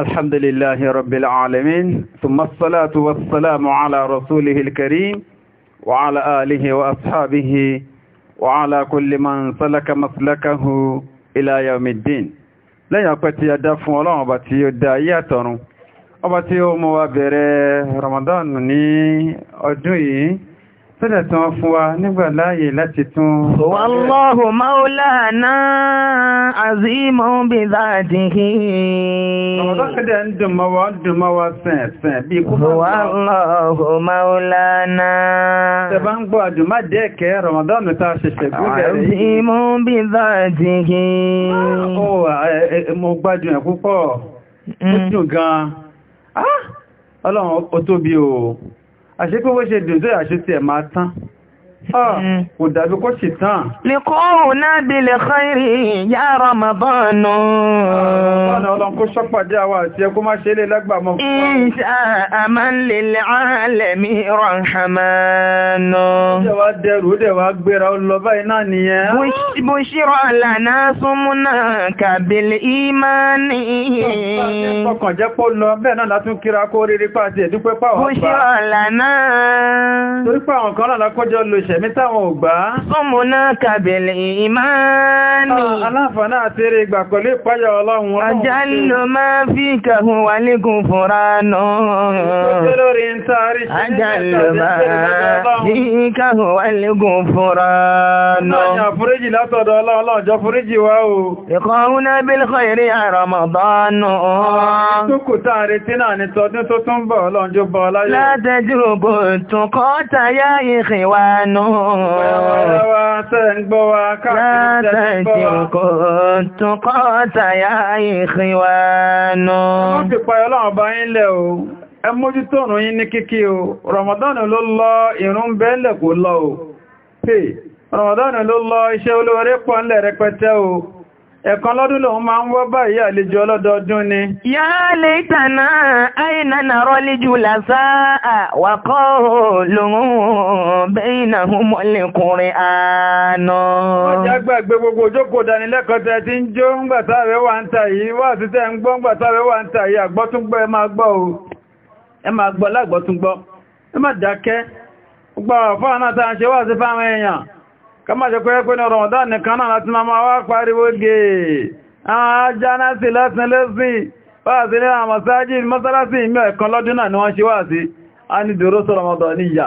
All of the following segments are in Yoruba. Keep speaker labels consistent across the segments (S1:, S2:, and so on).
S1: الحمد لله رب العالمين ثم الصلاة والسلام على رسوله الكريم وعلى آله وأصحابه وعلى كل من سلك مسلكه إلى يوم الدين لا يقتي يدف ولا أبتي يدعياتنا أبتي يوم وابر رمضان ني أدوي Sọ́dẹ̀ tí fún wa nígbà láàyè láti tún. Wallahu maulana azimun bí záàdìhì. Ọmọdọ́kẹ́dẹ̀ ń dùnmọ́ ń dùnmọ́ wa sẹ̀ẹ̀sẹ̀ bí kú fún wa. Wallahu Tẹ̀bá ń gbọ́ àṣépé wọ́n ṣe dùn tó yà ṣe ti ẹ̀ máa tán Ah, mm. kò dàbí kó ṣe tán. lè kó òun náà bí lè kọ́rì ìyá ramadanu. ọ̀nà ọlọ́run kó ṣọ́pàdé àwọn àti ẹkú má ṣe lè lágbàmọ́. ìṣà àmàlélẹ̀ alẹ́mí rọ̀hàmánù ẹ̀mí táwọn ò gbà. ọmọná kàbẹ̀lẹ̀ ìmáàní. aláfààní àti eré ìgbà pẹ̀lú ìpáyà ọlọ́run. ajá ló máa fi kàhùn wà nígun fúnra náà. ajá ló máa fi kàhùn wà nígun fúnra náà. ọ̀nà àforíjì látọ̀dọ̀ ọlọ́run jọ foríjì wá o. ìkọ̀ọ́nà bílkọ̀ ìrí àrọ̀mọ̀dánù. ìtòkùtà àrètí náà ni tọdún tó tún bọ̀ ọlọ́run jó bọ̀ ọláyọ̀. látẹ̀jú ògbò tún kọ́ tayá ìkìwà náà. لا تسرقوا التقاة يا إخوان ẹ mójútó ọ̀nà yín ní kíkí o Ramadan ló lọ ìrun bẹ́ẹ̀lẹ̀ kò lọ o pé Ramadan ló iṣẹ́ olóorí pọ̀ ńlẹ̀ rẹpẹtẹ o Ẹ̀kan lọ́dún lòun máa ń wọ́ báyìí àlejò ọlọ́dọọdún ni. Yá lè tànà àìnà nàrọ́ lójú làzáà wà lòun bẹ́yìn náà mọ́lẹ̀kùnrin àánà. Ọjọ́ gbàgbé gbogbo ojókòó dánilẹ́kọ̀ọ́ tẹ ti ń jó ń gbàtàrẹ wà ń tà kama ṣe kọ́ ẹgbẹ́ ní Ramadan nìkan náà láti máa wá pariwo gẹ̀ ajánásí lásìn lẹ́sìn wáàsí ní àmàsájì mọ́sálásì ìmẹ́ ẹ̀kan lọ́dún náà ni wọ́n ṣe wáàsí a ní dòrósọ Ramadan níyà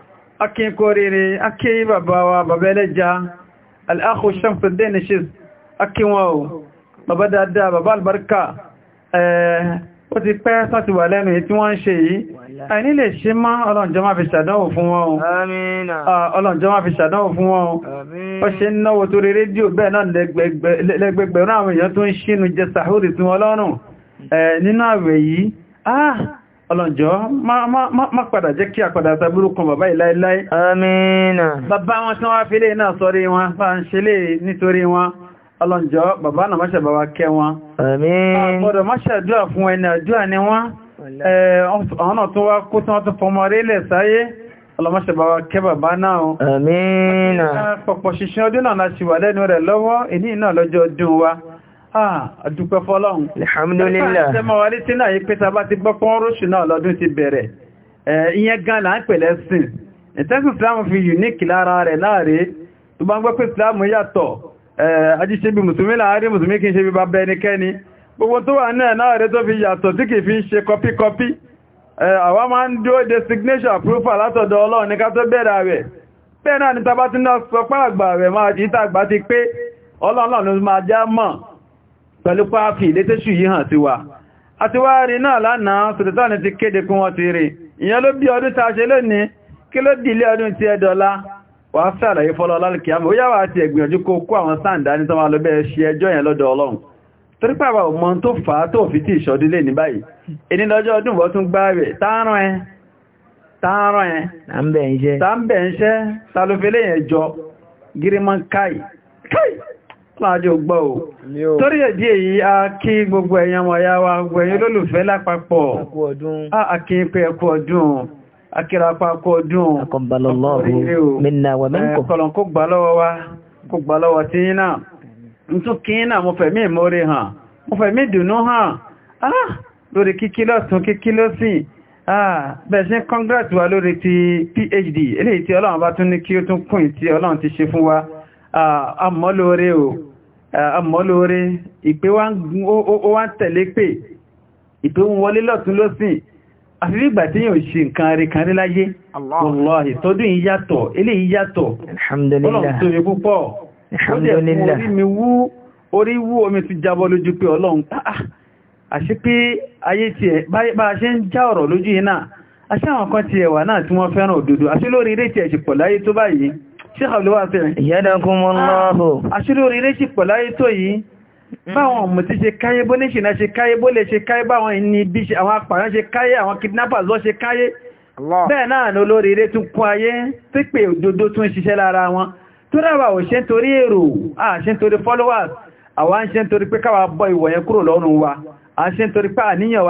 S1: akín kórèrè akín bàbá wa bàbá ẹlẹ́ja al'akhu Shamsuddin Shiz akín wọn o bàbá dáadáa bàbá albarka ó ti pẹ́ sáti wà lẹ́nu tí wọ́n ń ṣe yìí àìní lè ṣe má ọlọ́njọ́ máa fi ṣàdánwò fún wọn o ọlọ́njọ́ máa fi ṣàdánwò fún wọn o ó ṣe ń náwó torí rédíò bẹ́ẹ̀ náà lẹ́gbẹ̀gbẹ̀rún àwọn èèyàn tó ń ṣínú jẹ sàhúrì sí wọn lọ́rùn nínú àwẹ̀ yìí ah, ọlọ́njọ́ má padà jẹ́ kí àpadà sàbúrú kan bàbá ìláìláì amínà bàbá wọn tí wọ́n fi lè náà sọ́rí wọn bá ń ṣe lè nítorí wọn ọlọ́njọ́ bàbá náà máṣẹ̀ bàbá kẹ́ wọn ọ̀dọ̀ máṣẹ̀ àdúrà fún ẹni àdúrà ni wọ́n ọ̀nà tó wá kó tí àdúpẹ́ fọ́lọ́run. alhamdulillah. ṣe mọ̀ wálé tí náà yí pé tàbá ti gbọ́ náà lọ́dún ti bẹ̀rẹ̀ ìyẹn gan là ń fi rẹ̀ láàrí tó bá ń gbọ́ pé yàtọ̀ bí mùsùlùmí láàrí mùsùlùmí kí n ṣe bí bá gbogbo tó wà náà láàrí tó fi yàtọ̀ tí kì fi ń àwa máa ń dúró approval látọ̀dọ̀ Ọlọ́run ní ká pẹ̀lú pàáfì létẹ́ṣù yìí hàn sí wa àti wá rí náà lánàá sọ̀tẹ̀tàní ti kéde kún wọn ti rí ìyẹn ló bí ọdún ta ṣe lónìí kí ló dìlé ọdún ti ẹ̀dọ́lá wà sàlàyé fọ́lọ́ lálùkìyàmù ó yáwà àti ẹ̀gbìyànjú kó kó àwọn sáǹdà ní tọ́wà lọ́bẹ̀ ṣe ẹjọ́ yẹn lọ́dọ̀ ọlọ́run torí pàbà ọmọ tó fà á tó fi tí ìṣọ́dún lè ní báyìí ẹni lọ́jọ́ ọdún wọ́n tún gbá rẹ̀ tààrán ẹ tààrán ẹ tààbẹ̀ ń ṣẹ́ tààlùfẹ́lẹ́ yẹn jọ gírímọ̀ káì láàájò gbọ́ ò torí ẹ̀dí èyí a kí gbogbo ẹ̀yàn wọ̀nyá wa gbogbo ẹ̀yìn olólùfẹ́ lápapọ̀ a kí pé ẹkù ọdún akírapá kú ọdún ọkọ̀lọ̀n wa kó gbà lọ́wọ́ tí yínà ń tún kí yínà mo fẹ̀mí ìmóre hàn mo fẹ̀mí ìdùnnú hàn lórí kíkí lọ́tún kíkí lọ́sìn bẹ̀ṣẹ́ congrats wa lórí ti PhD eléyìí tí ọlọ́run bá tún ní kí ó tún kún tí ọlọ́run ti ṣe fún wa àmọ́ lóore o ọmọ olóore ìpé wá ń tẹ̀lé pé ìpé ń wọlé lọ́tún lọ́sìn àfi ìgbà tí yíò ṣe nǹkan rẹ̀ kan rí láyé wọ́lọ́hì tọ́dún ìyàtọ̀ ilé ìyàtọ̀ ọlọ́run tó rí púpọ̀ ó dẹ̀ orí mi wú orí wú omi tún jábọ́ lójú pé ọlọ́run pàá ah, ah. àṣí pé ayé tí ẹ bá ṣe ń já ọ̀rọ̀ lójú yìí náà àṣí àwọn kan ti ẹ̀wà náà tí wọ́n fẹ́ràn òdodo àṣí lórí ilé tí ẹ̀ ṣe pọ̀ láyé tó báyìí ṣe àlúwà fẹ́rin ìyẹ́dẹ̀kún mọ́ lọ́hù aṣírí ah, orí ilé ṣìpọ̀ láyé tó yìí mm-hmm. báwọn ọmọ ti ṣe káyé bó ní ṣìnà ṣe káyé bó lè ṣe káyé báwọn ìní bí àwọn apàyàn ṣe káyé àwọn kidnappers lọ ṣe káyé bẹ́ẹ̀ náà ní olórí ilé tún kún ayé tí followers àwa ń ṣe ń torí pé káwa bọ́ ìwọ̀ yẹn kúrò lọ́rùn wa à ń ṣe ń torí pé àníyàn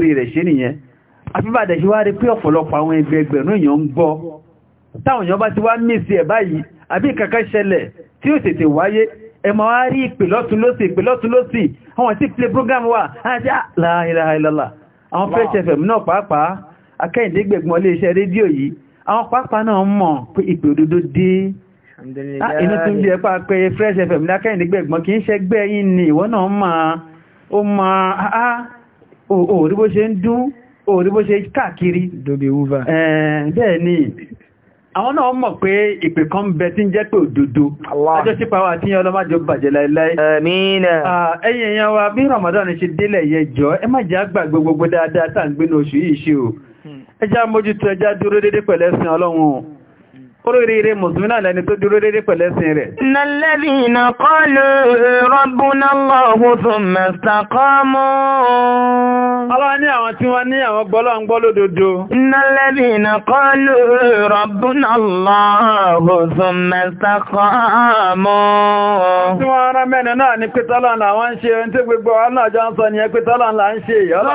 S1: rẹ̀ àfíbàdẹ̀ ṣe wá rí pé ọ̀pọ̀lọpọ̀ àwọn ẹgbẹ́ ẹgbẹ̀rún èèyàn ń gbọ́ táwọn èèyàn bá ti wá mèsì ẹ̀ báyìí àbí kankan ṣẹlẹ̀ tí ó tètè wáyé ẹ wá rí ìpè lọ́tún lósì ìpè program wà àti àlàáìlàlà àwọn fresh fm náà pàápàá akẹ́yìndé gbẹ̀gbọ́n lé iṣẹ́ rédíò yìí àwọn pàápàá náà mọ̀ pé ìpè òdodo dé ah, inú tún bí ẹpá pé fresh fm lákẹ́yìndé gbẹ̀gbọ́n kì í ṣẹgbẹ́ yìí ni ìwọ náà máa ó máa ó ah, ah, rí bó ṣe ń dún orí bó ṣe káàkiri dobe uva bẹ́ẹ̀ ni àwọn náà mọ̀ pé ìpè kan ń bẹ tí ń jẹ́ pé òdodo ajọ́ sí pàwà tí yẹn ọlọ́májọ́ bàjẹ́ láìláì àmín ẹ̀yin èèyàn wa bí Ramadan ṣe délẹ̀ yẹ jọ ẹ má jẹ́ àgbàgbé gbogbo dáadáa tá à ń gbénu oṣù yìí ṣe o hmm. ẹjá mójútó ẹjá dúró dédé pẹ̀lẹ́sìn Ọlọ́run oríire mùsùlùmí náà lẹni tó dúró dédé pẹ̀lẹ́sìn rẹ̀. Nàlẹ́bìnà kọlu rọ́bùnà lọ́hùn tó mẹ́sàkọ́mù. Ọlọ́ ní àwọn tí wọ́n ní àwọn gbọ́lọ́ngbọ́ lódodo. Nàlẹ́bìnà kọlu rọ́bùnà lọ́hùn tó mẹ́sàkọ́mù. Tí wọ́n rán mẹ́nu náà ní pétọ́lọ́ làwọn ń ṣe ohun tí gbogbo wa náà jọ ń sọ ní pétọ́lọ́ là ń ṣe ìyọ́lọ́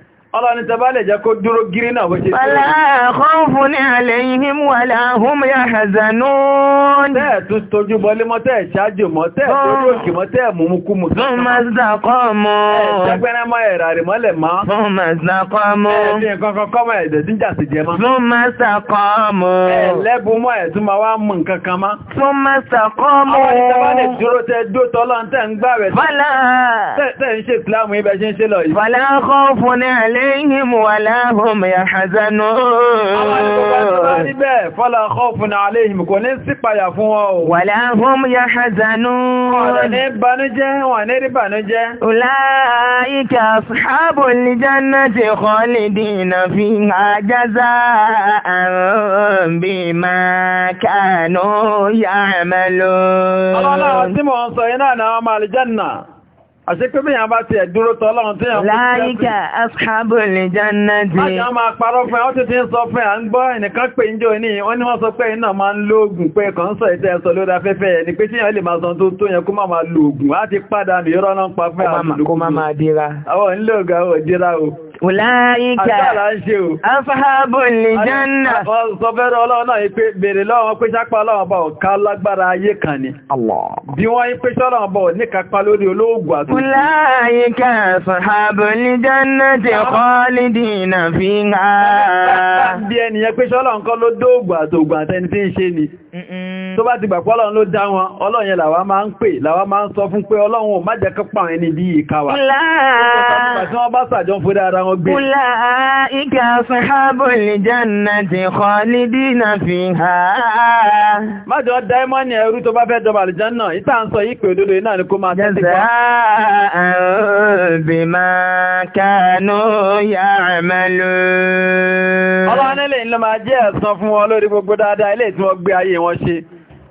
S1: ọlọ́ni tẹ bá lè jẹ́ kó dúró gírí náà wọ́n ṣe tó wọ́n láàkọ́fún ní àlẹ́yìn wà láàáhùn ya hazanú tẹ́ẹ̀ tún tójú bọlé tẹ́ẹ̀ ṣáájú mọ́ tẹ́ẹ̀ tó rókì mọ́ tẹ́ẹ̀ mú mú fún mọ́ ẹ̀ẹ́dẹ́gbẹ́rẹ́ mọ́ ẹ̀rà mọ́ fún mazdakọ́ mọ́ ẹ̀ẹ́dẹ́ kankan kọ́ mọ́ tún ma wá mọ́ fún عَلَيْهِمْ وَلَا هُمْ يَحْزَنُونَ Àwọn àdúgbò bá tó bá rí bẹ́ẹ̀ fọ́lá khawfun عَلَيْهِمْ kò ní sípayà fún wọn o. وَلَا هُمْ يَحْزَنُونَ Ọ̀rẹ́ ní banújẹ́, wọ́n ní rí banújẹ́. أُولَٰئِكَ أَصْحَابُ الْجَنَّةِ خَالِدِينَ فِيهَا جَزَاءً بِمَا كَانُوا يَعْمَلُونَ. Ọlọ́lá àṣẹ pé bí yàn bá ti ẹ̀dúró tọ́ lọ́run tí yàn fún láyíká ashabul jannati má jẹ́ máa parọ́ fún ẹ wọ́n ti ti ń sọ fún ẹ à ń gbọ́ ẹnìkan pé ń jò ní wọ́n ní wọ́n sọ pé iná máa ń lo oògùn pé kàn sọ ìtẹ́ ẹ̀sọ lórí afẹ́fẹ́ ẹni pé tí yàn lè máa san tó tó kó máa lo oògùn á padà nìyọ́rọ́ náà pa fún àwọn olùkọ́ Wùláyíkà, afábùn lè jẹ́nà. Sọ bẹ́rẹ̀ ọlọ́run náà pé bèèrè lọ́wọ́n pé sápá ọlọ́run bá ọ̀ká lágbára ayé kan ni. Bí wọ́n yí pé sọ́lọ́run bọ̀ ti kọ́ fi ń ha. Bí ẹnìyàn pé sọ́lọ́run kọ́ ló dóògùn àtògùn àtẹni tí ń ṣe ni tó bá ti gbà pé ọlọ́run ló dá wọn ọlọ́run yẹn làwa máa ń pè làwa máa ń sọ fún pé ọlọ́run ò má jẹ́ kó ẹni bí ìka wa tí wọ́n ẹrú tó bá fẹ́ jọba àlìjánà ìta ń sọ ìpè òdodo náà ni kó máa tẹ́sí pa ọlọ́run ilé ìlú máa jẹ́ ẹ̀san fún wọn lórí gbogbo dáadáa ilé tí wọ́n ayé wọn ṣe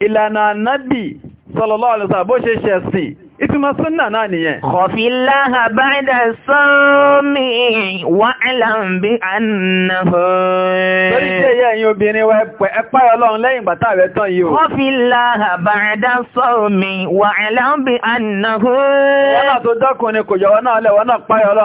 S1: ìlànà nábì sallallahu alaihi wasallam bó ṣe ṣẹ̀sìn ìtumọ̀ súnnà náà nìyẹn. Kọ̀fíláhà báyìí sọ́ọ̀mì wà láàbí ànáhù. Lórí tí èyí ẹ̀yin obìnrin wa ẹ̀pá ọlọ́run lẹ́yìn bàtà rẹ̀ tán yìí o. Kọ̀fíláhà báyìí sọ́ọ̀mì wà láàbí ànáhù. Wọ́n tó dọ́kùnrin kò jọ̀wọ́ náà lẹ̀wọ́ mọ̀ wá lọ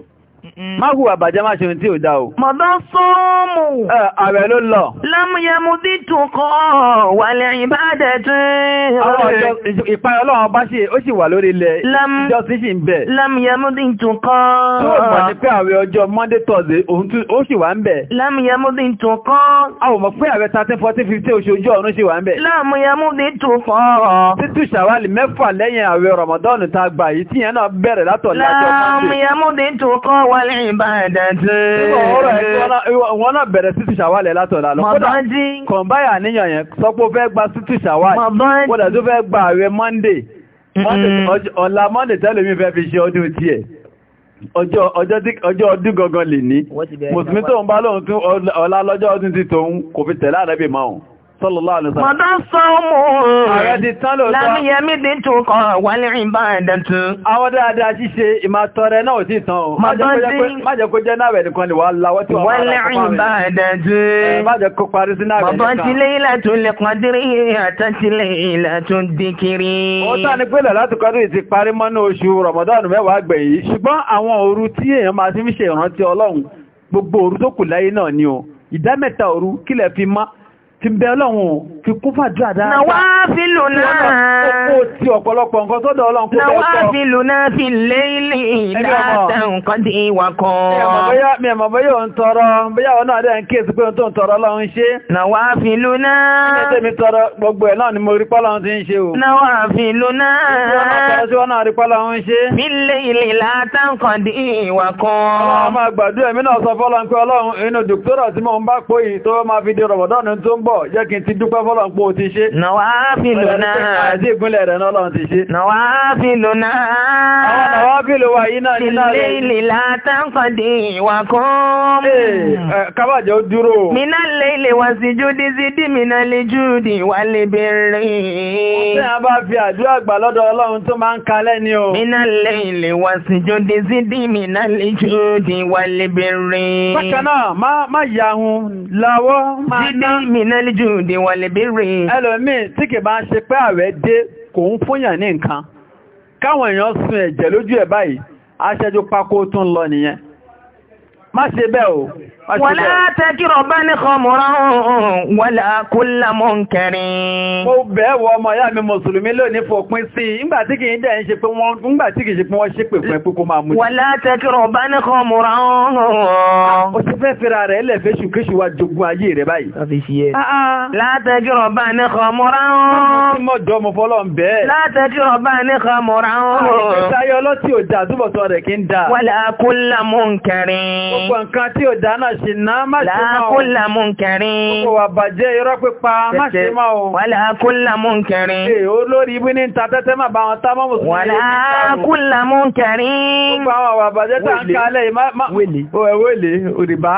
S1: Má hù àbàjẹ́ má ṣe tí ò dá o. Mọ̀dá sọ́ọ̀mù. Ààrẹ ló lọ. Lámúyẹmú bí tukọ̀ wà lẹ́yìn bá dẹ̀tún. Àwọn ọlọ́run bá ṣe ó sì wà lórí ilẹ̀ ìjọ sí ṣì ń bẹ̀. Lámúyẹmú bí tukọ̀. Tó mọ̀ ní pé ààrẹ ọjọ́ Monday Thursday òun tún ó sì wà ń bẹ̀. Lámúyẹmú bí tukọ̀. A ò mọ̀ pé ààrẹ thirteen fourteen fifteen oṣù ojú ọ̀run sì wà ń bẹ̀. Lámúyẹmú bí tukọ̀. Títù wọlé ìbàdàtí. Wọ́n náà bẹ̀rẹ̀ sí tùṣàwálẹ̀ látọ̀lá lọ. Mọ̀bọ́ndí. Kọ̀m̀báyà níyàn yẹn sọ́pọ̀ fẹ́ gba sí tùṣàwálẹ̀. Mọ̀bọ́ndí. Wọ́n dà tó fẹ́ gba àwẹ̀ Monday. Ọ̀la Monday tẹ́lẹ̀ mi fẹ́ fi ṣe ọdún tiẹ̀ ọjọ́ ọdún gangan lè ní. Mùsùlùmí tó ń bá lóhun tún ọ̀la lọ́jọ́ ọdún ti tòun kò fi tẹ̀lé àrẹ́bì máa hùn sallallahu alaihi wasallam. Mọ̀dá sọ́mù rẹ̀ lámíyẹmí dín tó kọ wà ní ìbáadẹ̀ tó. Àwọn dáadáa ṣíṣe ìmàtọrẹ náà ò sí tán o. Má jẹ́ kó jẹ́ náà rẹ̀ nìkan ni wà láwọ́ tí wà ní ìbáadẹ̀ tó. Má jẹ́ kó parí sí náà rẹ̀ nìkan. Bàbá ti lé ilẹ̀ tó lè kọ́dírí àtà ti lé ilẹ̀ tó dìkiri. Ó tà ní pẹ́lẹ̀ láti kọ́dírí ti parí mọ́nú oṣù Ramadan mẹ́wàá gbẹ̀yìn. Ṣùgbọ́n àwọn òru tí èèyàn máa ti ń ṣe ìrántí Ọlọ́run gbogbo òru tó kù láyé náà ni o. Ìdá mẹ́ta òru kílẹ̀ fi máa ti bẹ ọlọ́run fi kún fàájú àdá. Nàwá fi lò Ó ti ọ̀pọ̀lọpọ̀ nǹkan sọ́dọ̀ ọlọ́run kó bẹ́ẹ̀ tọ́. Nàwá fi lò fi lé ilé ìdáta nǹkan di ìwà kan. Mi ẹ̀ mọ̀ bóyá òun tọrọ, bóyá òun náà dẹ̀ ń kíyèsí pé òun tó ń tọrọ ọlọ́run ṣe. Nàwá fi lò náà. Ilé tèmi tọrọ gbogbo ẹ̀ náà ni mo rí pọ́lọ́run ti ń ṣe o. Nàwá fi lò náà. Ìjọba wọn náà rí pọ́lọ́run ṣe. Mi lé ilé pọ̀ jẹ́ kí n ti dúpẹ́ fọ́lọ̀ pọ̀ ti ṣe nàwáfílò wà yí náà nílá rẹ̀ ilé látàkọ̀dé ìwà kan kábàjẹ́ ó dúró mínà lè ilé wà sí jùdí sí dí mínà lè jùdí wà lè bèèrè ọ̀sẹ̀ a bá fi àdúrà gbà lọ́dọ̀ ọlọ́run tó máa ń kalẹ̀ ni o mínà lè ilé wà sí jùdí sí dí mínà lè jùdí wà lè bèèrè bákan náà má yahun láwọ́ máa ná bẹ́líjù dì wọ́n lè bèèrè. ẹlòmíì tí kì bá ń ṣe pé ààrẹ dé kò ń fúnyàn ní nǹkan káwọn èèyàn sun ẹ̀jẹ̀ lójú ẹ̀ báyìí aṣẹ́jú pákó tún lọ nìyẹn má ṣe bẹ́ẹ̀ o wọ́lá tẹ́kìrọ̀ bá ní kọmọ̀rọ̀ wọ́lá kó lámọ́ ń kẹrin mo bẹ́ẹ̀ wọ ọmọ ìyá mi mùsùlùmí lónìí fòpin sí ìgbàtí kìí dẹ̀ ń ṣe pé wọ́n gbàtí kìí ṣe pé wọ́n ṣe pè fún máa mú wọ́lá tẹ́kìrọ̀ bá ní kọmọ̀rọ̀ ní Gbogbo nǹkan tí ò dáná ṣe náà má ṣe máa o. Láàkúnlà mú kẹrin. Gbogbo wà bàjẹ́ irọ́ pípa má ṣe máa o. Wà láàkúnlà mú kẹrin. Ee olórí ibi ní ta tẹ́tẹ́ máa bá wọn tá mọ́ mùsùlùmí. Wà láàkúnlà mú kẹrin. Gbogbo àwọn wà bàjẹ́ tá ń kalẹ̀ yìí má. Wèlé. Wèlé òrìbá.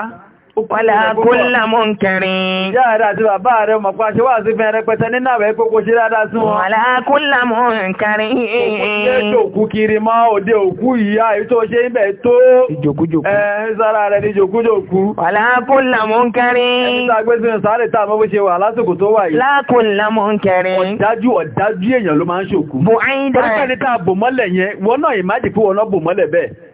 S1: Wọ́lá kúlà mú ń kẹrin. Ìyá rẹ̀ àti bàbá rẹ̀ mọ̀ pa ṣe wà sí fẹ́ rẹpẹtẹ nínú àwẹ̀ kókó ṣe dáadáa sí wọn. Wọ́lá kúlà mú ń kẹrin. Òkú kiri mọ́ òde òkú ìyá èyí tó ṣe ibẹ̀ tó. Ìjòkújòkú. Ẹ sára rẹ̀ ni ìjòkújòkú. Wọ́lá kúlà mú ń kẹrin. Ẹni tá a gbé sínú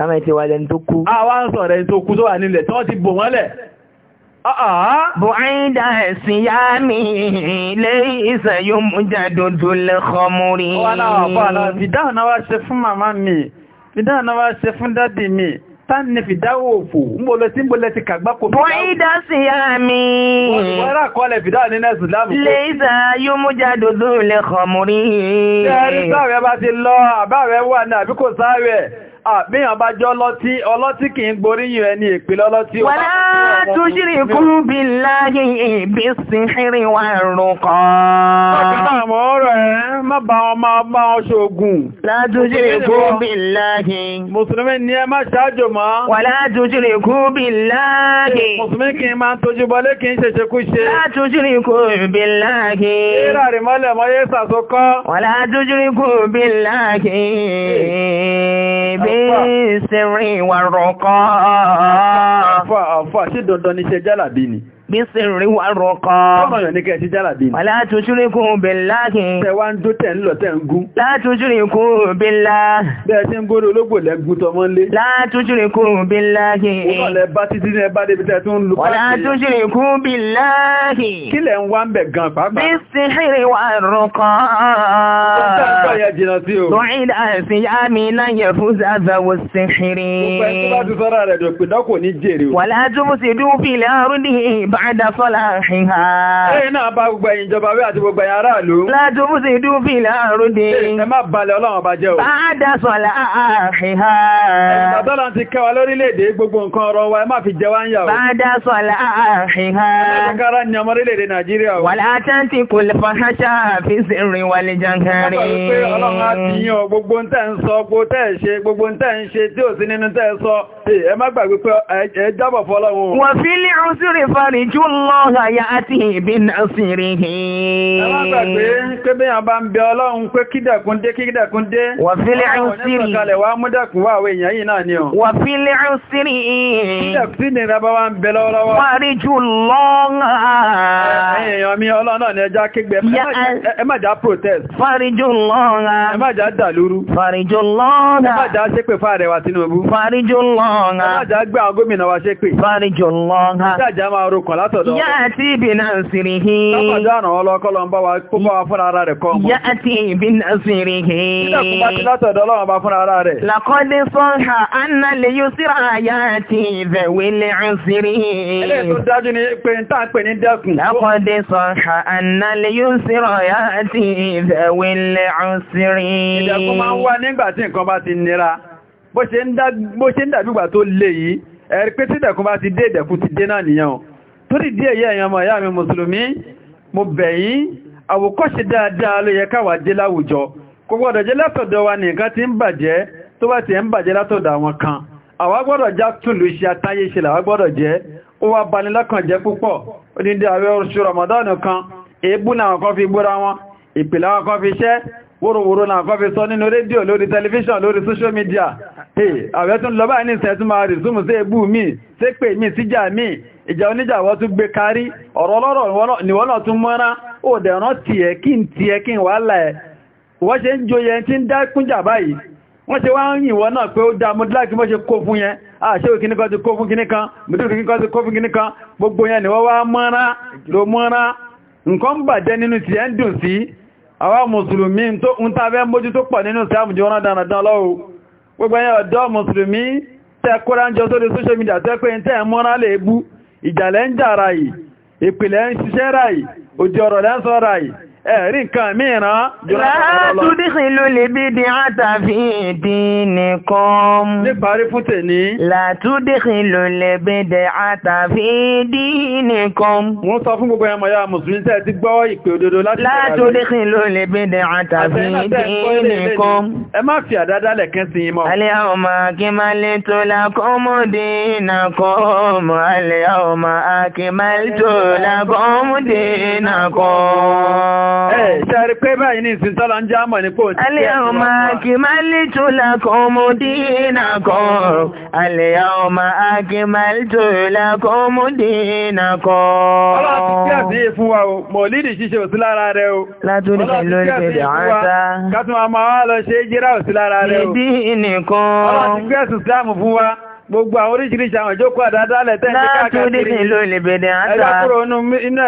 S1: káàmà ti wà lẹ́ni tó kú. àwa ń sọ̀rọ̀ ẹni tó kú tó wà nílẹ̀ tí ti bò wọ́n lẹ̀. Bùháìdà ẹ̀sìn yá mi ilé ìṣẹ̀yọ́ mú mú rí. Wọ́n náà bọ̀ náà fìdáhùn náà wá ṣe fún màmá mi, fìdáhùn náà ti kàgbá kò fìdáwò. wọ́n ìdá sí àmì. wọ́n rà kọ́lẹ̀ fìdáwò nínú ẹ̀sùn láàmù. lẹ́sà yóò mú jáde dúró lẹ́kọ̀ọ́ rí. ṣé ẹni sáwẹ̀ bá ti lọ àbáwẹ̀ wà ní àbíkò sáwẹ̀ àbíyàn bá jẹ́ ọlọ́tí ọlọ́tí kì í gboríyìn ẹni ìpìlẹ̀ ọlọ́tí wà tó ṣírí kún bí láyé ìbí sí ṣírí wà rúkọ ọ̀pọ̀lọpọ̀ ọ̀rọ̀ ẹ̀ má bá wọn máa bá wọn ṣoògùn látó ṣírí kún bí láyé mùsùlùmí ni ẹ má ṣáájò mọ́ wà látó ṣírí kún bí láyé mùsùlùmí kì í kú bí láyé ìràrí mọ́lẹ̀ mọ́ yé sàsókọ́ wà látó ṣírí bí láyé fi sirri wa ruqa. Àfà àfà ṣé dandan ní ṣe jálàbí ni. Bí sẹ́rìn wà rọ̀kan. Ọmọ yàn ní kẹ́ jálàbí ni. Wà látúnṣúrí kún ń dó tẹ̀ ń lọ tẹ̀ ń gún. Látúnṣúrí Bẹ́ẹ̀ tí ń górí ológbò lẹ́gún tọmọ lé. Látúnṣúrí kún ń wá ń bẹ̀ gan pàápàá. Bí sẹ́rìn wàlá túnmù sí dún fi ilẹ̀ ọrún ní ìbáadà sọ́lá ṣìhà. ẹ̀yìn náà bá gbogbo ẹ̀yin ìjọba wí àti gbogbo ẹ̀yin aráàlú. látúnmù sí dún fi ilẹ̀ ọrún ní. ẹ má balẹ̀ ọlọ́run bá jẹ́ o. báadà sọ́lá ṣìhà. ìgbàdọ́là ti kẹwàá lórílẹ̀-èdè gbogbo nǹkan ọ̀rọ̀ wa ẹ má fi jẹ wá ń yà o. báadà sọ́lá ṣìhà. ẹ̀ẹ́dẹ́gbẹ̀rẹ̀ ni ọmọ orílẹ̀-èdè Nàìjíríà o. wàlá ẹ má gbàgbé pé ẹ jábọ̀ fọ́lọ́wọ́. wọ́n fi lè ń sírí farí jù lọ́ha ya àti ìbí náà sí rí hì. ẹ má gbàgbé pé bí wọn bá ń bẹ ọlọ́run protest. farí jù lọ́ha. ẹ má já dàlúrú. farí jù lọ́ha. ẹ má já ṣépè fáàrẹ̀ wa Tinubu. farí jù lọ́ha ṣépè. fárijọ lọ́ha. jájá máa rokàn látọ̀dọ̀. yá àti ìbìnà sírí hí. lápàdé àrùn ọlọ́kọ́lọ́ ń bá wa kó bá wa fúnra ara rẹ̀ kọ́. yá àti ìbìnà sírí hí. nígbàkúbá ti látọ̀dọ̀ ọlọ́run bá fúnra ara rẹ̀. làkọ́dé sọ́ha anna lè yóò síra àyà àti ìbẹ̀wé lè anna lè yóò síra àyà àti ìbẹ̀wé lè ń sírí. ìdẹ̀kùn ti nira bó ṣe ń dàbí ìgbà tó le yìí ẹ̀rí pé tí ìdẹ̀kùn bá ti dé ìdẹ̀kùn ti dé náà nìyàn torí díẹ̀ yẹ́ ẹ̀yàn ọmọ ìyá mi mùsùlùmí mo bẹ̀ yín àwòkọ́ṣe dáadáa ló yẹ káwà jẹ́ láwùjọ kò gbọ́dọ̀ jẹ́ látọ̀dọ̀ wa nìkan tí ń bàjẹ́ tó bá ti ń bàjẹ́ látọ̀dọ̀ àwọn kan àwa gbọ́dọ̀ já túlù iṣẹ́ atáyé ṣe làwa gbọ́dọ̀ jẹ́ ó wá banilọ́kàn jẹ́ púpọ̀ onídé social media àwẹ́ tún lọ báyìí ní ìsẹ̀tún máa rí súnmù sí ebú mi sí pè mi síjà mi ìjà oníjàwọ́ tún gbé kárí ọ̀rọ̀ ọlọ́rọ̀ níwọ́nà tún mọ́ra ó dẹ̀rán tí ẹ kí n tí ẹ kí n wà láẹ̀ wọ́n ṣe ń joyẹ tí ń dákúnjà báyìí wọ́n ṣe wá ń yìnwọ́ náà pé ó dá mọ́díláàkì mọ́ ṣe ni wọ́n wá mọ́ra ló mọ́ra nǹkan bàjẹ́ nínú ti ẹ́ ń dùn sí àwọn mùsùlùmí ń gbogbo ẹ̀yin ọ̀dọ́ mùsùlùmí tẹ́ kóráńjọ sórí social media tẹ́ pé tẹ́ ẹ̀ mọ́ra lè bú ìjàlẹ̀ ń jà ráyì ìpìlẹ̀ ń ṣiṣẹ́ ráyì òjò ọ̀rọ̀ lẹ́ ń ẹ̀rí nǹkan mìíràn látúdíkìlú lè bí di àtàfí ìdí nìkan níparí fún tèní látúdíkìlú lè bí di àtàfí ìdí nìkan wọ́n sọ fún gbogbo ẹmọ ya mùsùlùmí tẹ́ ti gbọ́ ìpè òdodo láti ṣe látúdíkìlú lè bí di àtàfí ìdí nìkan ẹ má fi àdádá lẹ̀kẹ́ ṣẹ́rí pé báyìí ní ìsìn tọ́lọ ń já mọ̀ ní pò tí kí ẹ̀ ọmọ akìmálítùlá kò mú dínà kọ́ ọmọ akìmálítùlá kò mú dínà kọ́ fún wa o mọ̀lídì ṣíṣe ò lára rẹ o kátùmọ̀ lọ ṣe é lára rẹ o gbogbo àwọn oríṣiríṣi àwọn ìjókòó àdádálẹ̀ tẹ́ẹ̀kì káàkiri ẹ̀dàkúrò inú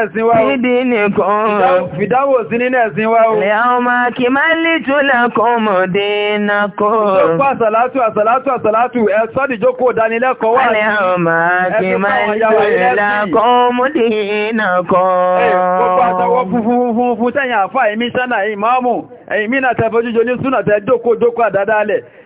S1: ẹ̀sìn wa o fìdáwò sí nínú ẹ̀sìn wa o lẹ́yàwó máa kí máa lè tó lẹ́kọ̀ọ́ mọ̀dé nakó ìjókòó àsàlátù àsàlátù àsàlátù ẹ̀sọ́dì jókòó dánilẹ́kọ̀ọ́ wà ní ẹ̀sọ́dì jókòó dánilẹ́kọ̀ọ́ wà ní ẹ̀sọ́dì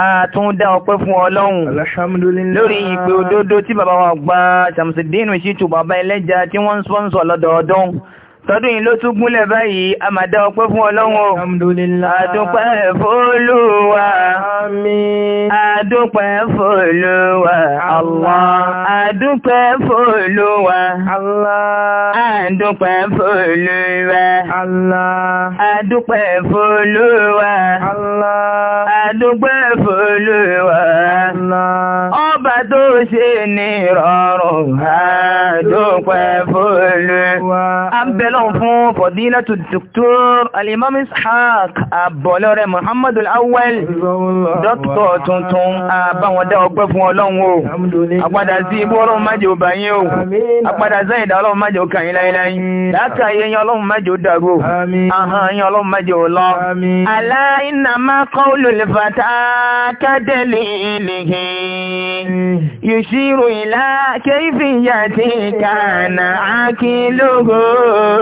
S1: àtún dá ọpẹ́ fún ọlọ́run alhamdulillah lórí ìpè òdodo tí bàbá wa gba Ṣàmsùdínù Ṣítù bàbá ẹlẹ́ja tí wọ́n ń sponsor lọ́dọọdún tọdún yìí ló tún gúnlẹ̀ báyìí a máa dá ọpẹ́ fún ọlọ́run o àdúpẹ́ fólúwa àdúpẹ́ fólúwa Allah àdúpẹ́ fólúwa Allah àdúpẹ́ fólúwa Allah àdúpẹ́ fólúwa Allah àdúpẹ́ fólúwa Allah ọba tó ṣe ní rọrùn àdúpẹ́ fólúwa lọ́hùn fún fọ̀dílátù dr alimami ishaq abọ̀lọ́rẹ̀ muhammadu awwal dọ́tọ̀ tuntun àbáwọ̀dá ọgbẹ́ fún ọlọ́run o àpadà sí ibú ọlọ́run májè ò báyé o àpadà zẹ́ìdá ọlọ́run májè ò kàyín láíláí láàkà yẹn ọlọ́run májè ò dàgbò ahọ́n yẹn ọlọ́run májè ò lọ aláìnà máa kọ́ olùlẹ̀fàtà kádẹ́lì ìlà kéfìyà tí kàánà ákìlógún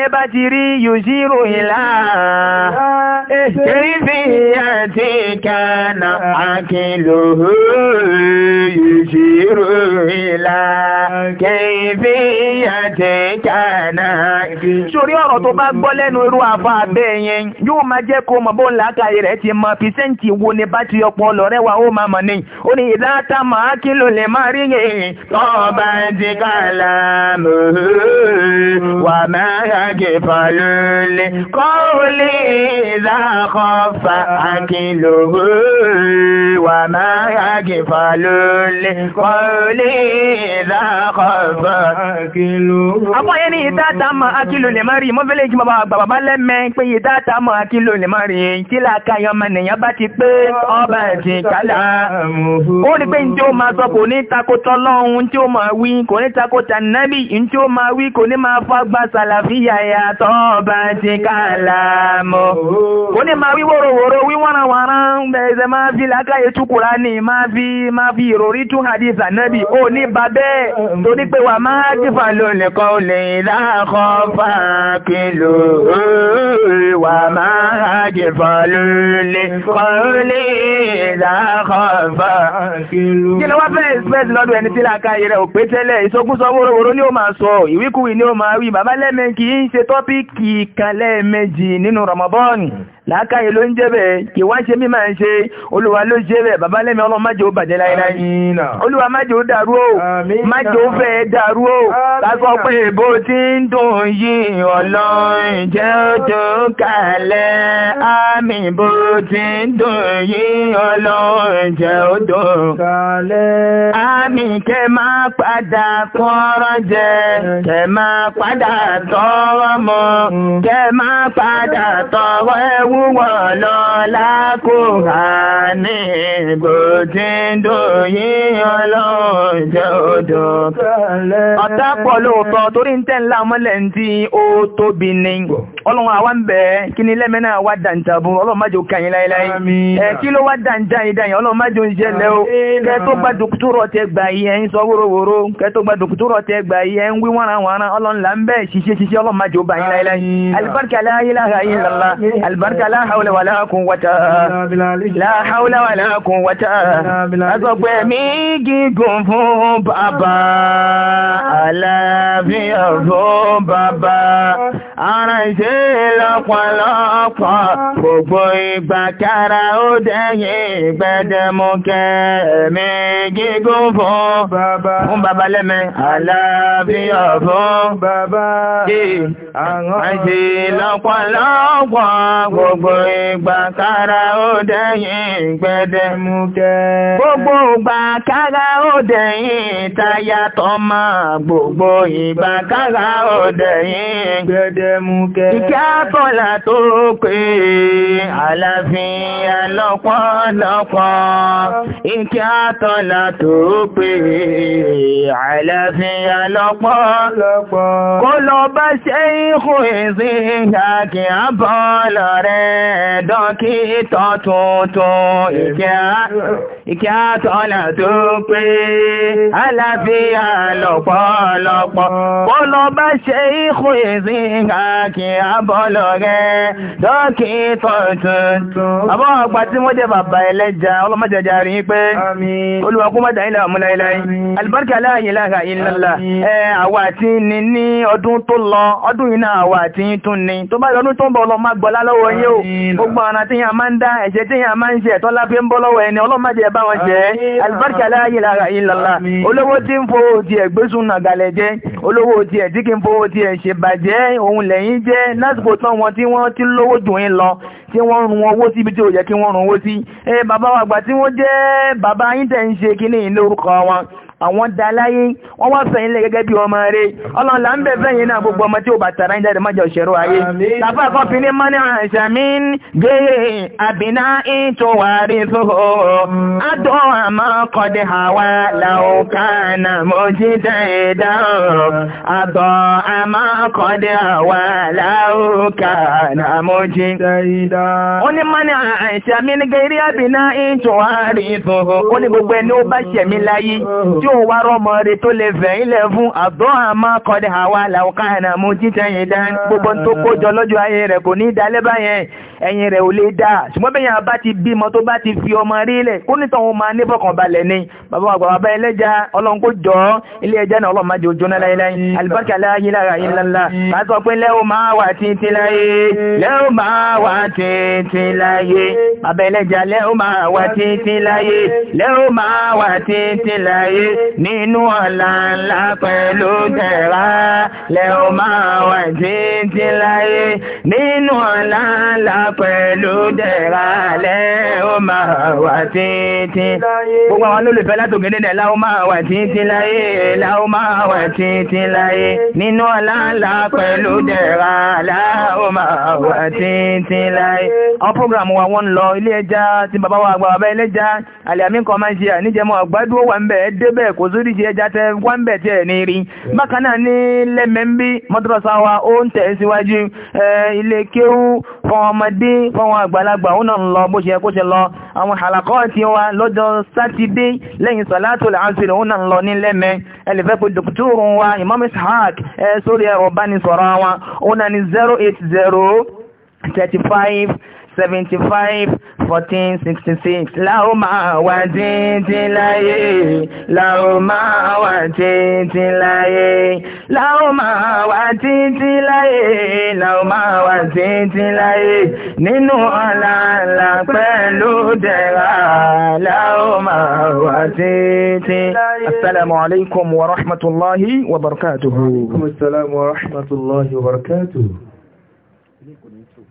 S1: yẹn bá ti rí yòṣírò ìlà ṣerífì àti kànà àkìlò yòṣírò ìlà kẹfì àti kànà sórí ọ̀rọ̀ tó bá gbọ́ lẹ́nu irú àfa abẹ́ yẹn yóò máa jẹ́ kó mọ̀ bó ń làákàyè rẹ̀ ti mọ pìsẹ́ǹtì wo ni bá ti ọpọlọ rẹ̀ ó máa mọ̀ ní. ó ní ìdáta máa kí ló lè máa rí yẹn. tọ́ba ti kàlà mọ́ wà máa kí falóle kọ́ ó lè dákọ̀ fa akínlówó wà máa kí falóle kọ́ ó lè dákọ̀ fa akínlówó. àbọ̀ yẹn ní ìdáta máa akílò lè má rí mọ́ fẹ́lẹ́ kí bàbá àgbà bàbá lẹ́mẹ́ pé yé dáadáa mọ́ akílò lè má rí kí làákàyàn ọmọ nìyàn bá ti pé ọba ẹ̀sìn kálá ó ní pé ní tí ó máa sọ kò ní tako tọlọ́hun tí ó máa wí kò ní tako tànàbì ní tí ó máa wí kò ní máa fagbá sàlàfíà yàtọ̀ ọba ẹ̀sìn kálá mọ́ kò ní máa wí wòròwòrò wí wọ́nranwọ̀nran bẹ̀rẹ̀ máa fi làákàyè tú Kùránì máa fi máa fi ìròrí tú hadith ànàbì ó ní bàbẹ́ torí pé wà máa kífà lónìí kan lè dáàkọ́ fàákìlò wà máa jẹ fàlúlé kọ́lé ìdákọ̀ọ́fà kìlò. Kí ló wá fẹ́ ìsìpẹ́sì lọ́dún ẹni tí láàká yẹrẹ ò pé tẹ́lẹ̀ ìṣogúnsọ wórówóró ni ó máa sọ ìwíkúwì ni ó máa wí bàbá lẹ́mẹ̀ kì í ṣe tọ́píìkì kan lẹ́ẹ̀mejì nínú Ramadan làákàyè ló ń jẹ́ bẹ́ẹ̀ kì wá ṣe mí máa ń ṣe olúwa ló ṣe bẹ́ẹ̀ bàbá lẹ́mi ọlọ́run má jẹ́ ó bàjẹ́ láíláí olúwa má jẹ́ ó dàrú o má jẹ́ ó fẹ́ dàrú o lásọ pé bó ti ń dùn yìí ọlọ́run jẹ́ ó dùn kalẹ̀ àmì bó ti ń dùn yìí ọlọ́run jẹ́ ó dùn kalẹ̀ àmì kẹ máa padà kọ́rọ̀ jẹ kẹ máa padà tọwọ́ mọ́ kẹ máa padà tọwọ́ ẹ̀wù wọ̀ lọ́la kò hà ní gbòtí dòyí ọlọ́jọ́ odò. Ọ̀tá pọ̀ lóòótọ́ torí ń tẹ́ ńlá mọ́lẹ̀ ń tí ó tóbi ní ọlọ́run àwa bẹ̀ kí ni lẹ́mẹ́ náà wá dàǹtà ọlọ́run májò kàyín láíláí kí ló wá dàǹtà ọlọ́run májò ń o kẹ́ tó gba dòkútúrọ̀ tẹ gbà yìí ń sọ wórówóró kẹ́ tó gba dòkútúrọ̀ tẹ gbà yìí ń wí wọ́nranwọ́nran ọlọ́run là ń bẹ̀ ṣiṣẹ́ ṣiṣẹ́ ọlọ́run májò bá yín lọ́pọ̀lọpọ̀ gbogbo ìgbà kára ó dẹ̀yìn gbẹdẹmukẹ ẹ̀mí gígùn fún bàbá fún bàbá lẹ́mẹ́ aláàbíyọ̀ fún bàbá àti lọ́pọ̀lọpọ̀ gbogbo ìgbà kára ó dẹ̀yìn gbẹdẹmukẹ gbogbo ìgbà kára ó dẹ̀yìn táyà tọ́mà gbogbo ìgbà kára ó dẹ̀yìn gbẹdẹmukẹ kí Abọ́lá tó pé Aláàfin alọ́pọ̀lọpọ̀. Ìkí Atọ́lá tó pé Aláàfin alọ́pọ̀lọpọ̀. Kó lọ bá ṣe ìhò ìsìn ìgbà kí Abọ́lá rẹ̀ dọ́kítọ̀ tuntun. Ìkí Atọ́lá tó pé Aláàfin alọ́pọ̀lọpọ̀. Kó lọ bá ṣe ìhò ìsìn ìgbà kí bọ́ọ̀lù rẹ̀ dókítọ̀ tuntun. àbọ̀ ọgbà tí wọ́n jẹ́ bàbá ẹlẹ́ja ọlọ́mọdéjà rí pé olùwàkúmọ̀dà ilẹ̀ ọmọláìláì alibarika aláàyè lára ìlàlá ẹ àwa àti ní ní ọdún tó lọ ọdún yìí náà àwa àti tún ni tó bá lọ́dún tó ń bọ̀ lọ má gbọ́lá lọ́wọ́ yé o gbogbo ọ̀nà tí yàn máa ń dá ẹ̀ṣẹ̀ tí yàn máa ń ṣe ẹ̀tọ́ lábẹ́ ń bọ́ lásìkò tán wọn tí wọ́n ti lówó jù yín lọ tí wọ́n run owó sí ibi tí ó yẹ kí wọ́n run owó sí bàbá wa tí wọ́n jẹ́ bàbá yín ń ṣe kíní ní orúkọ wọn àwọn da láyé wọ́n wá fẹ̀yìn lẹ̀ gẹ́gẹ́ bí ọmọ rẹ̀ ọlọ́run là ń bẹ̀ fẹ̀yìn náà gbogbo ọmọ tí ó bá tara ń jáde mọ́jọ ìṣẹ̀rọ ayé tàbá kan ní mọ́ni àṣàmì gẹ́rẹ́ àbíná ètò wà rí àmọ́ kọ́dé àwa làókànà ẹ̀dá àmọ́ kọ́dé àwa làókànà ó ní ó ní gbogbo ẹni ó bá ṣẹ̀mí láyé tí yóò wá rọ́mọ rẹ̀ tó lè fẹ̀yìn lẹ̀ fún àgbọ́ àmọ́ kọ́dẹ̀ àwa làwọn káànà mú jíjẹ yìí dá gbogbo tó kójọ lọ́jọ́ ayé rẹ̀ kò ní ìdálẹ́bá yẹn ẹ̀yìn rẹ̀ ò lè dá ṣùgbọ́n bẹ́yìn àbá ti bímọ tó bá ti fi ọmọ rí lẹ̀ kó nítàn òun máa nífọ̀kànbalẹ̀ ni bàbá àgbà bàbá ẹlẹ́ja ọlọ́run jọ ilé ẹja náà ọlọ́run má jẹ́ ojú náà láíláí alibarika láyé yín lánlá máa sọ pé lẹ́wọ̀ máa wà títí láyé lẹ́wọ̀ máa wà títí láyé bàbá ẹlẹ́ja lẹ́wọ̀ máa wà títí láyé lẹ́wọ̀ máa wà pẹ̀lú dẹ̀ra alẹ́ ó máa wà títí. Gbogbo àwọn olólùfẹ́ látòkè dédé láó máa wà títí láyé, láó máa wà títí láyé. Nínú ọlá pẹ̀lú dẹ̀ra alá ó máa wà títí láyé. Àwọn prógrámù wa wọ́n ń lọ ilé ẹja tí bàbá wa àgbà bàbá ilé ẹja. Àlẹ́ àmì kan máa ń ṣe àníjẹmọ́ ọ̀gbádùn wà ń bẹ̀ débẹ̀ kò sórí ṣe ẹja tẹ wá ń bẹ̀ tiẹ̀ ní rí. Bákan náà ní lẹ́mẹ̀ẹ́mbí mọ́tòrọ̀sáwa sátidé fáwọn àgbàlagbà ó náà lọ bó ṣe kó ṣe lọ àwọn àlàkọ́ ti wá lọ́jọ́ sátidé lẹ́yìn sọ̀látò láàásìrì ó náà lọ ní lẹ́mẹ́ ẹlẹ́fẹ́ pé dókítúrù wa Imam Ishaq ẹ sórí ẹ̀rọ bá ní sọ̀rọ̀ wọn ó náà ní 080 35 لهما وجنتي لهما وجنتي لهما وجنتي لهما وجنتي لهما السلام عليكم ورحمة الله وبركاته السلام ورحمة الله وبركاته